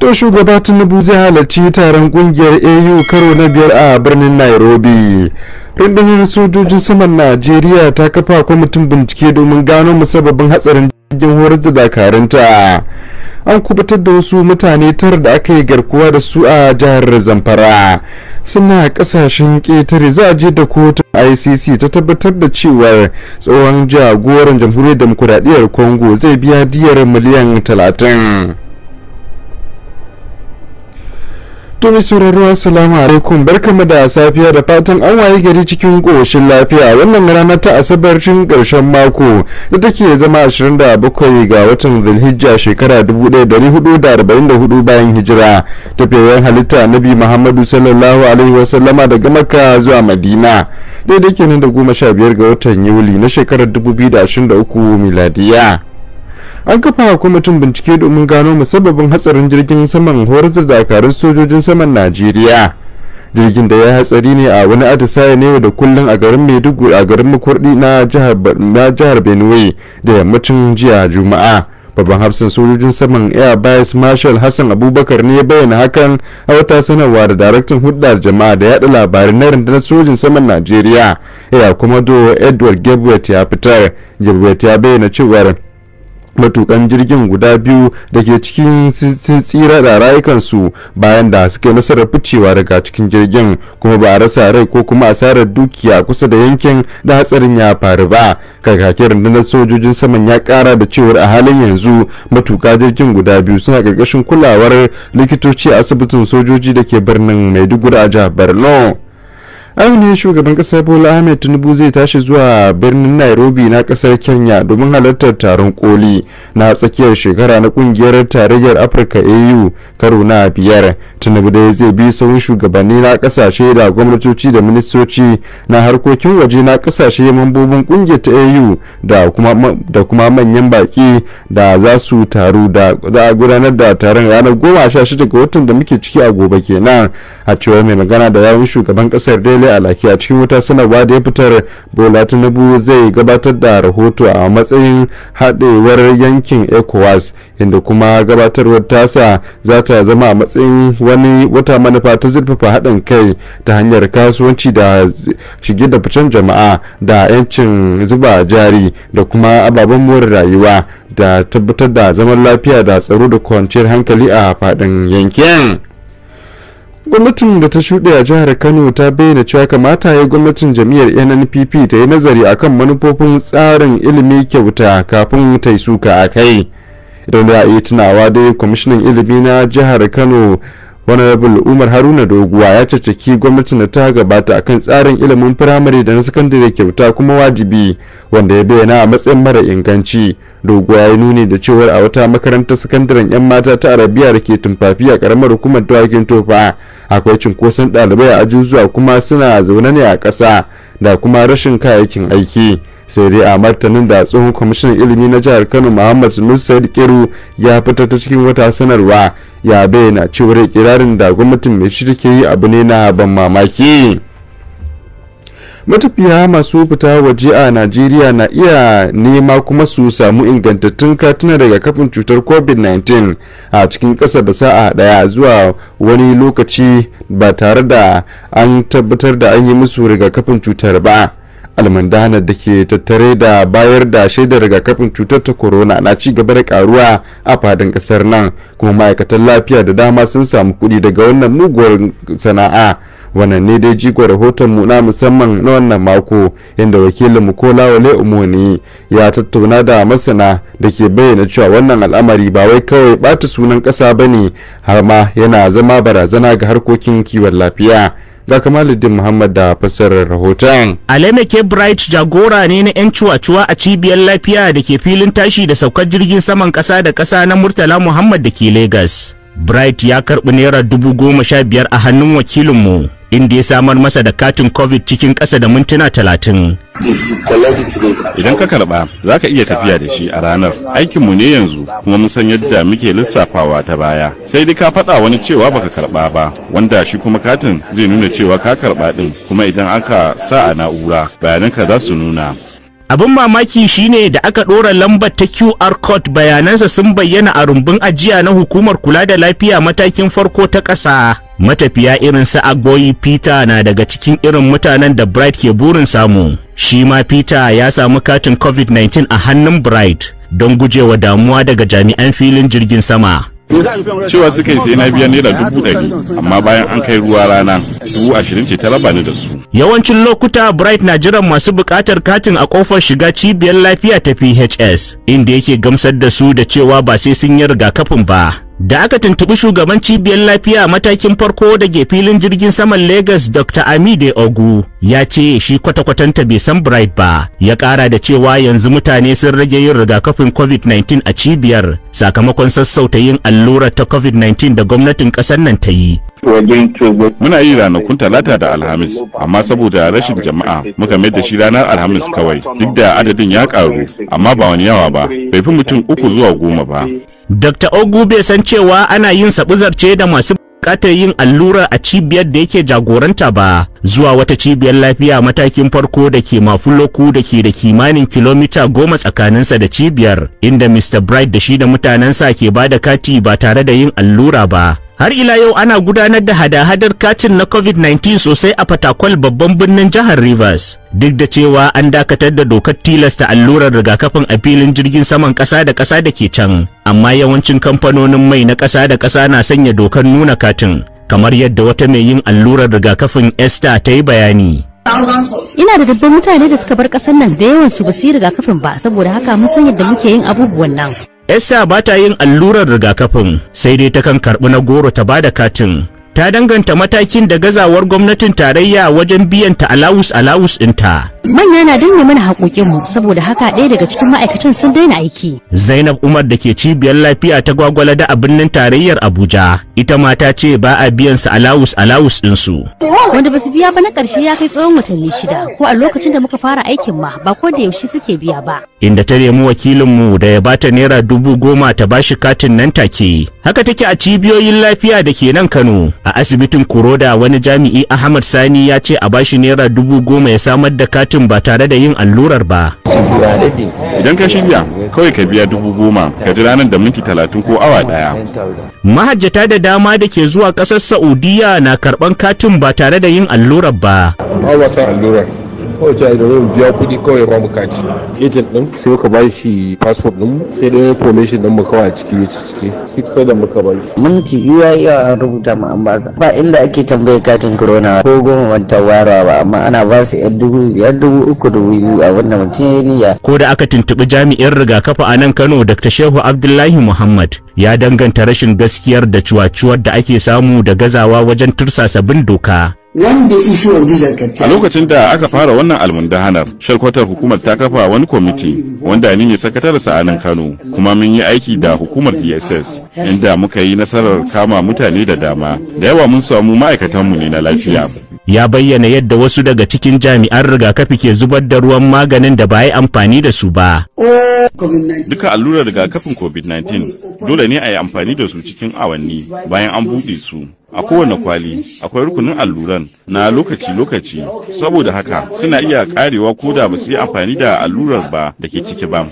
to shugaba tinubu zai halarci taron kungiyar au karo na biyar a birnin nairobi rundunar sojojin saman najeriya ta kafa kwamitin bincike domin gano musabbabin hatsarin jirgin horar da dakarunta an kubutar da wasu mutane tara da aka yi garkuwa da su a jihar zamfara suna kasashen ƙetare za a je da kotun icc ta tabbatar da cewar tsohon jagoran jamhuriyar demokuraɗiyyar congo zai biya diyar miliyan talatin Tumi sauraro assalamu alaikum barkamu da safiya da fatan an waye gari cikin koshin lafiya wannan rana ta asabar cin karshen mako da take zama 27 ga watan Zulhijja shekara 1444 bayan hijira tafiyayyen halitta Nabi Muhammadu sallallahu alaihi wasallama daga Makka zuwa Madina daidai kenan da 15 ga watan Yuli na shekarar 2023 miladiya. an kafa kwamitin bincike domin gano musabbabin hatsarin jirgin saman horar da dakarun sojojin saman najeriya jirgin da ya hatsari ne a wani atisaye ne da kullum a garin maiduguri a garin makurdi na jihar benue da yammacin jiya juma'a babban hafsan sojojin saman air vice marshal hassan abubakar ne ya bayyana hakan a wata sanarwa da daraktan hudar jama'a da yada labarin na rundunar sojin saman najeriya kuma do edward gebwet ya fitar gebwet ya bayyana cewar matukan jirgin guda biyu da ke cikin tsira da rayukansu bayan da suka nasarar ficewa daga cikin jirgin kuma ba a rasa rai ko kuma asarar dukiya kusa da yankin da hatsarin ya faru ba kakakin rundunar sojojin saman ya kara da cewar a halin yanzu matuka jirgin guda biyu suna karkashin kulawar likitoci a asibitin sojoji da ke birnin maiduguri a jihar borno abu ne shugaban kasar bola ahmed tinubu zai tashi zuwa birnin nairobi na kasar kenya domin halartar taron koli na tsakiyar shekara na kungiyar tarayyar afirka au karo na biyar tinubu dai zai bi sauran shugabanni na kasashe da gwamnatoci da ministoci na harkokin waje na kasashe mambobin kungiyar ta au da kuma manyan baki da za su taru da za a gudanar da taron ranar goma sha shida ga watan da muke ciki a gobe kenan a cewa mai magana da yawun shugaban kasar dai Sale Alaki a cikin wata sanarwa da ya fitar Bola Tinubu zai gabatar da rahoto a matsayin haɗewar yankin ECOWAS inda kuma gabatarwar tasa za ta zama a matsayin wani wata manufa ta zurfafa haɗin kai ta hanyar kasuwanci da shige da ficen jama'a da 'yancin zuba jari da kuma ababen more rayuwa da tabbatar da zaman lafiya da tsaro da kwanciyar hankali a faɗin yankin. gwamnatin da ta shuɗe a jihar kano ta bayyana cewa kamata ya gwamnatin jam'iyyar nnpp ta yi nazari akan manufofin tsarin ilimi kyauta kafin ta yi suka a kai idan da a yi tunawa dai kwamishinan ilimi na jihar kano honorable umar haruna doguwa ya caccaki gwamnati da ta gabata a kan tsarin ilimin firamare da na sakandare kyauta kuma wajibi wanda ya bayyana a matsayin mara inganci doguwa ya nuni da cewar a wata makarantar sakandaren yan mata ta arabiya da ke tumfafi a karamar hukumar dawakin tofa akwai cunkoson ɗalibai a ajin zuwa kuma suna zaune ne a ƙasa da kuma rashin kayayyakin aiki sai dai a martanin da tsohon kwamishinan ilimi na jihar kano muhammad musa kiru ya fita ta cikin wata sanarwa ya bayyana cewar kirarin da gwamnatin mai shi take yi abu ne na ban mamaki matafiya masu fita waje a najeriya na iya nema kuma su samu ingantattun katina daga kafin cutar covid-19 a cikin kasa da sa'a daya zuwa wani lokaci ba tare da an tabbatar da an yi musu rigakafin cutar ba almundanar da ke tattare da bayar da shaidar rigakafin cutar ta corona na ci gaba da karuwa a fadin kasar nan kuma ma'aikatan lafiya da dama sun samu kuɗi daga wannan muguwar sana'a wannan ne dai jigo rahoton mu na musamman na wannan mako inda wakilin mu kola wale umoni ya tattauna da masana da ke bayyana cewa wannan al'amari ba wai kawai bata sunan ƙasa bane har ma yana zama barazana ga harkokin kiwon lafiya ga kamaluddin muhammad da fassarar rahoton alemeke bright jagora ne na 'yan cuwa-cuwa a cibiyar lafiya da ke filin tashi da saukar jirgin saman kasa da kasa na murtala muhammad da ke Legas. bright ya karbi naira dubu goma sha biyar a hannun wakilinmu inda ya samar masa da katin covid cikin ƙasa da mintuna talatin. Idan ka karba za ka iya tafiya da shi a ranar. Aikinmu ne yanzu kuma mun san yadda muke lissafawa ta baya. Sai dai ka faɗa wani cewa baka karba ba, wanda shi kuma katin zai nuna cewa ka karɓa ɗin kuma idan aka sa a na'ura bayananka za su nuna. Abin mamaki shine da aka ɗora lambar ta QR code bayanansa sun bayyana a rumbun ajiya na hukumar kula da lafiya matakin farko ta ƙasa. matafiya irin su agboyi peter na daga cikin irin mutanen da bright ke burin samu shi ma peter ya samu katin covid-19 a hannun bright don gujewa damuwa daga jami'an filin jirgin sama cewa suka yi sai na biya naira dubu ɗari amma bayan an kai ruwa rana dubu ashirin ce ta raba da su. yawancin lokuta bright na jiran masu buƙatar katin a ƙofar shiga cibiyar lafiya ta phs inda yake gamsar da su da cewa ba sai sun yi rigakafin ba da aka tuntubi shugaban cibiyar lafiya matakin farko da filin jirgin saman Lagos Dr. Amide Ogu ya ce shi kwata-kwatanta bai san Bright ba ya kara da cewa yanzu mutane sun rage yin rigakafin COVID-19 a cibiyar sakamakon sassauta yin allurar ta COVID-19 da gwamnatin ƙasar nan ta yi. Muna yi ranakun talata da alhamis, amma saboda rashin jama'a muka mai da shi ranar alhamis kawai, duk da adadin ya ƙaru amma ba wani yawa ba, bai fi mutum uku zuwa goma ba. Dr. Ogu bai san cewa ana yin ce da masu bukatar yin allura a cibiyar da yake jagoranta ba zuwa wata cibiyar lafiya matakin farko da ke mafuloku da ke da kimanin kilomita goma tsakaninsa da cibiyar inda Mr. Bright da shi da mutanensa ke ba da kati ba tare da yin allura ba har ila yau ana gudanar da hada-hadar katin na covid-19 sosai a fatakwal babban birnin jihar rivers duk da cewa an dakatar da dokar tilasta allurar rigakafin a filin jirgin saman ƙasa da ƙasa da ke can amma yawancin kamfanonin mai na ƙasa da ƙasa na sanya dokar nuna katin kamar yadda wata mai yin allurar rigakafin esther ta yi bayani Ina da dubban mutane da suka bar ƙasar nan da yawan su basu yi rigakafin ba saboda haka mun san yadda muke yin abubuwan nan. Esther ba ta yin allurar rigakafin sai dai ta kan karbi na goro ta bada katin. Ta danganta matakin da gazawar gwamnatin tarayya wajen biyan ta alawus alawus ɗinta. manya na danne mana haƙoƙinmu saboda haka ɗaya daga cikin ma'aikatan sun daina aiki. Zainab Umar da ke cibiyar lafiya ta gwagwala da a birnin tarayyar Abuja ita ma ta ce ba a biyan su alawus alawus su. Wanda basu biya ba na ƙarshe ya kai tsawon watanni shida ko a lokacin da muka fara aikin ma ba ko da yaushe suke biya ba. Inda ta nemi wakilinmu da ya bata naira dubu goma ta bashi katin nan take. Haka take a cibiyoyin lafiya da ke nan Kano a asibitin Kuroda wani jami'i Ahmad Sani ya ce a bashi naira dubu goma ya samar da katin katin ba tare da yin allurar ba idan ka shirya kawai ka biya dubu goma ka ji ranar da minti talatin ko awa daya mahajjata da dama da ke zuwa ƙasar Saudiyya na karɓan katin ba tare da yin allurar ba kawai ta da mu biya kuɗi kawai ba mu kaci agent din sai muka ba shi passport din sai da information din mu kawai a ciki ya ciki six da muka ba shi ci biyu ya iya rubuta mu an baka ba inda ake tambaye katin corona ko goma wanta warawa ba amma ana ba su yan dubu biyar dubu uku dubu biyu a wannan mutum ya ko da aka tuntuɓi jami'in rigakafi a nan Kano Dr. Shehu Abdullahi Muhammad ya danganta rashin gaskiyar da cuwacuwar da ake samu da gazawa wajen tursasa bin doka a lokacin da aka fara wannan almundahanar shalkwatar hukumar ta kafa wani kwamiti wanda ni ne sakatar sa'anin kano kuma mun yi aiki da hukumar dss inda muka yi nasarar kama mutane da dama da yawa mun samu ma'aikatanmu ne na lafiya ya bayyana yadda wasu daga cikin jami'an rigakafi ke zubar da ruwan maganin da ba yi amfani da su ba. Duka allurar rigakafin COVID-19 dole ne a yi amfani da su cikin awanni bayan an buɗe su. A kowane kwali akwai rukunin alluran na lokaci-lokaci saboda haka suna iya karewa ko da basu yi amfani da allurar ba da ke ciki ba.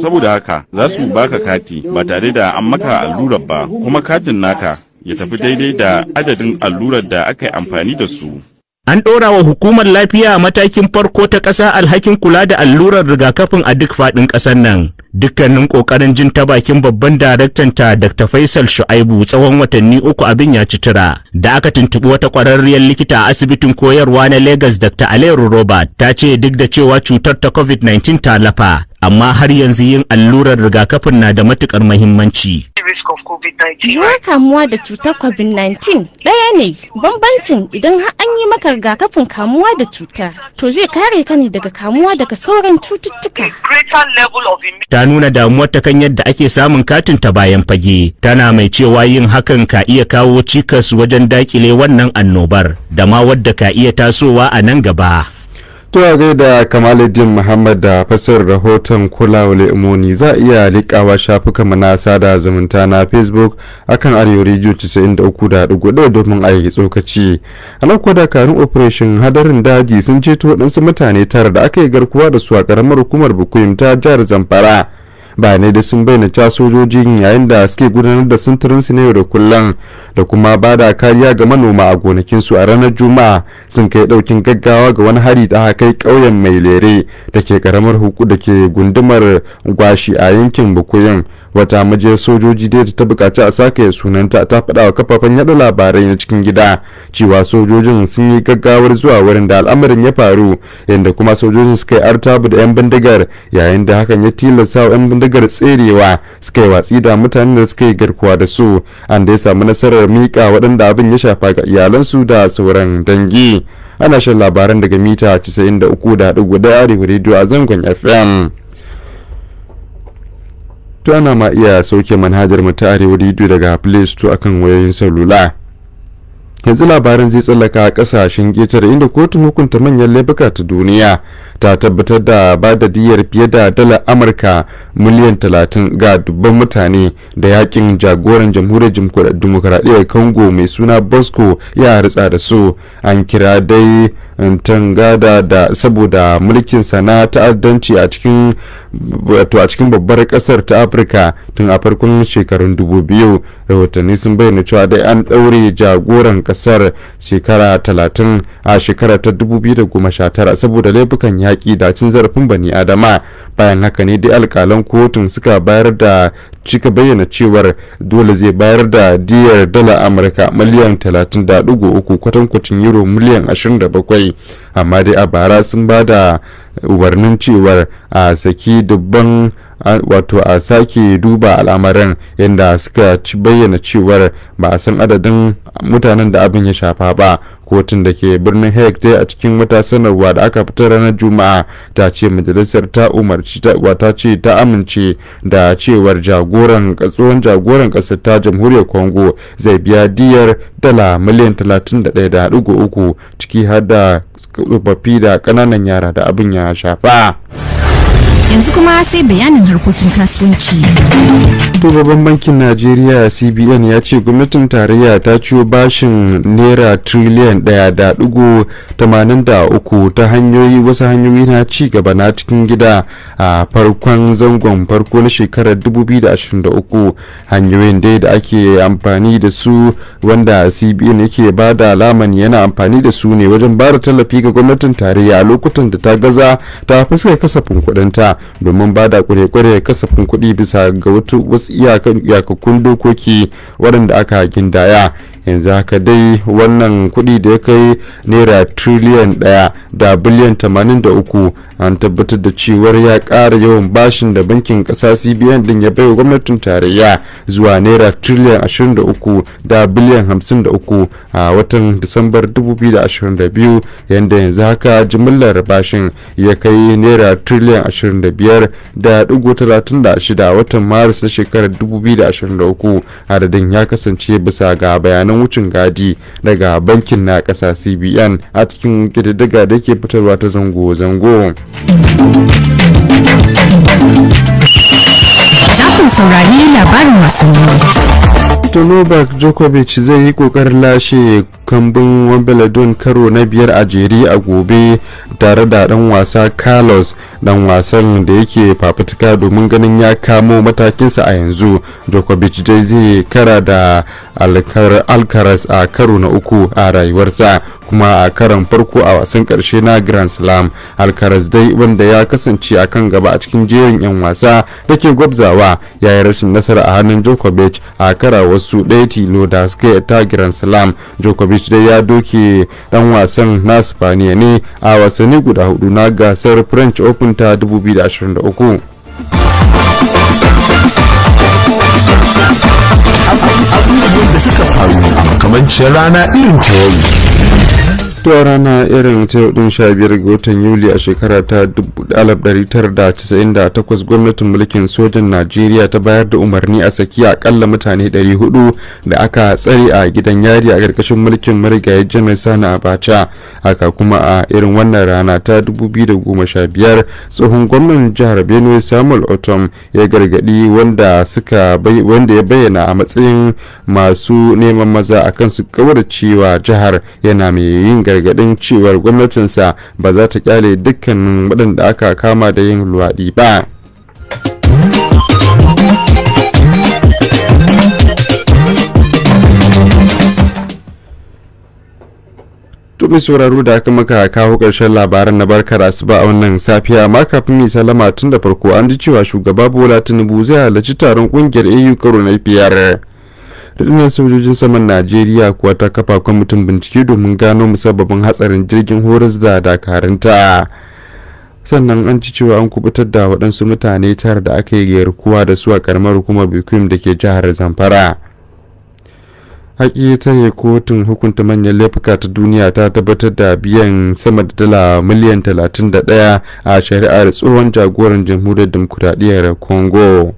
Saboda haka za su baka kati ba tare da an maka allurar ba kuma katin naka ya tafi daidai da adadin allurar da aka yi amfani da su. An ɗora wa hukumar lafiya matakin farko ta ƙasa alhakin kula da allurar rigakafin a duk faɗin ƙasar nan. Dukkanin ƙoƙarin jin ta bakin babban daraktan ta Dr. Faisal Shu'aibu tsawon watanni uku abin ya ci tura. Da aka tuntuɓi wata ƙwararriyar likita a asibitin koyarwa na Legas Dr. Aliyu Robert ta ce duk da cewa cutar ta COVID-19 ta lafa, amma har yanzu yin allurar rigakafin na da matuƙar muhimmanci. risk of COVID-19. kamuwa da cutar COVID-19 ɗaya ne bambancin idan har an yi maka rigakafin kamuwa da cuta to zai kare ka ne daga kamuwa daga sauran cututtuka. Ta nuna damuwar ta kan yadda ake samun katin ta bayan fage tana mai cewa yin hakan ka iya kawo cikas wajen dakile wannan annobar da ma wadda ka iya tasowa a nan gaba. To da Kamaluddin Muhammad da fasar rahoton kulawar imoni za a iya likawa shafukan mana sada zumunta na Facebook akan Arewa Radio 93.4 domin a yi tsokaci. A nan kwada dakarun operation hadarin daji sun ceto waɗansu mutane tara da aka yi garkuwa da su a ƙaramar hukumar Bukuyim ta jihar Zamfara. bayanai da sun bayyana cewa sojojin yayin da suke gudanar da sintirin su na yau da kullum da kuma ba da kariya ga manoma a gonakin su a ranar juma'a sun kai daukin gaggawa ga wani hari da kai ƙauyen mai lere da ke karamar huku da ke gundumar gwashi a yankin bukuyin wata majiyar sojoji dai ta bukaci a sake sunanta ta faɗa wa kafafen yada labarai na cikin gida cewa sojojin sun yi gaggawar zuwa wurin da al'amarin ya faru inda kuma sojojin suka yi artabu da 'yan bindigar yayin da hakan ya tilasta wa 'yan bindigar tserewa suka yi watsi da mutanen da suka yi garkuwa da su an ya samu nasarar miƙa waɗanda abin ya shafa ga iyalansu da sauran dangi ana shan labaran daga mita 93.1 arewa rediyo a zangon fm to ana ma iya sauke manhajar mu ta arewa daga play store akan wayoyin salula yanzu labarin zai tsallaka a kasashen ƙetare inda kotun hukunta manyan laifuka ta duniya ta tabbatar da ba da diyar fiye da dalar amurka miliyan 30 ga dubban mutane da yakin jagoran jamhuriyar dimokuraɗiyyar congo mai suna bosco ya ritsa da su an kira dai tangada da saboda mulkin sana ta'addanci a cikin wato a cikin babbar kasar ta afirka tun a farkon shekarun dubu biyu rahotanni sun bayyana cewa dai an ɗaure jagoran kasar shekara talatin a shekara ta dubu biyu da goma sha tara saboda laifukan yaƙi da cin zarafin bani adama bayan haka ne dai alƙalan kotun suka bayar da cika bayyana cewar dole zai bayar da diyar dala amurka miliyan 30.3 kwatankwacin euro miliyan 27 amma dai a bara sun ba da umarnin cewar a saki dubban wato a sake duba al'amarin yadda suka ci bayyana cewar ba a san adadin mutanen da abin ya shafa ba kotun da ke birnin hague dai a cikin wata sanarwa da aka fitar ranar juma'a ta ce majalisar ta umarci ta ce ta amince da cewar jagoran tsohon jagoran kasar ta jamhuriyar congo zai biya diyar dala miliyan 31.3 ciki har da tsofaffi da ƙananan yara da abin ya shafa. yanzu kuma sai bayanin harkokin kasuwanci to babban bankin najeriya cbn ya ce gwamnatin tarayya ta ciwo bashin naira triliyan daya da digo tamanin da uku ta hanyoyi wasu hanyoyi na ci gaba na cikin gida a farkon zangon farko na shekarar 2023 hanyoyin dai da ake amfani da su wanda cbn yake ba da alaman yana amfani da su ne wajen ba tallafi ga gwamnatin tarayya a lokutan da ta gaza ta fuskar kasafin kudinta domin ba da kure-kure kasafin kuɗi bisa ga wasu iyakakkun dokoki waɗanda aka gindaya yanzu haka dai wannan kuɗi da ya kai naira triliyan ɗaya da biliyan 83 an tabbatar da cewar ya ƙara yawan bashin da bankin ƙasa cbn din ya bai gwamnatin tarayya zuwa naira triliyan 23 da biliyan 53 a watan disambar 2022 yadda yanzu haka jimillar bashin ya kai naira triliyan 22 biyar da watan maris na shekarar 2023 adadin ya kasance bisa ga bayanan wucin gadi daga bankin na kasa cbn a cikin ƙididdiga da ke fitarwa ta zango-zango. djokovic zai yi kokarin lashe kambun wimbledon karo na biyar a jere a gobe tare da dan wasa carlos dan wasan da yake fafutuka domin ganin ya kamo matakinsa a yanzu djokovic dai zai kara da alcaraz a karo na uku a rayuwarsa kuma a karan farko a wasan karshe na grand slam alcaraz dai wanda ya kasance a kan gaba a cikin jerin yan wasa da ke gwabzawa ya yi rashin nasara a hannun djokovic a kara wasu ɗaya tilo da suka ta grand slam djokovic dai ya doke dan wasan na spaniya ne a wasanni guda hudu na gasar french open ta 2023 abin da suka faru a makamancin rana irin ta yau to a rana irin ta yau din 15 ga watan yuli a shekara ta 1998 gwamnatin mulkin sojan najeriya ta bayar da umarni a saki akalla mutane 400 da aka tsare a gidan yari a karkashin mulkin marigayi janar sani abacha haka kuma a irin wannan rana ta 2015 tsohon gwamnan jihar benue samuel otom ya gargadi wanda suka wanda ya bayyana a matsayin masu neman maza akan su kawar cewa jihar yana mai yin gargadin cewar gwamnatinsa ba za ta kyale dukkanin waɗanda aka kama da yin luwaɗi ba. To sauraro da aka maka kawo ƙarshen labaran na barkar asuba a wannan safiya ma kafin mai salama tun da farko an ji cewa shugaba Bola Tinubu zai halarci taron ƙungiyar AU karo na biyar. rundunar sojojin saman najeriya kuwa ta kafa kwamitin bincike domin gano musabbabin hatsarin jirgin horas da dakaranta sannan an ci cewa an kubutar da waɗansu mutane tara da aka yi garkuwa da su a karamar hukumar bikin da ke jihar zamfara haƙi ta yi kotun hukunta manyan laifuka ta duniya ta tabbatar da biyan sama da dala miliyan 31 a shari'ar tsohon jagoran jamhuriyar demokuraɗiyyar congo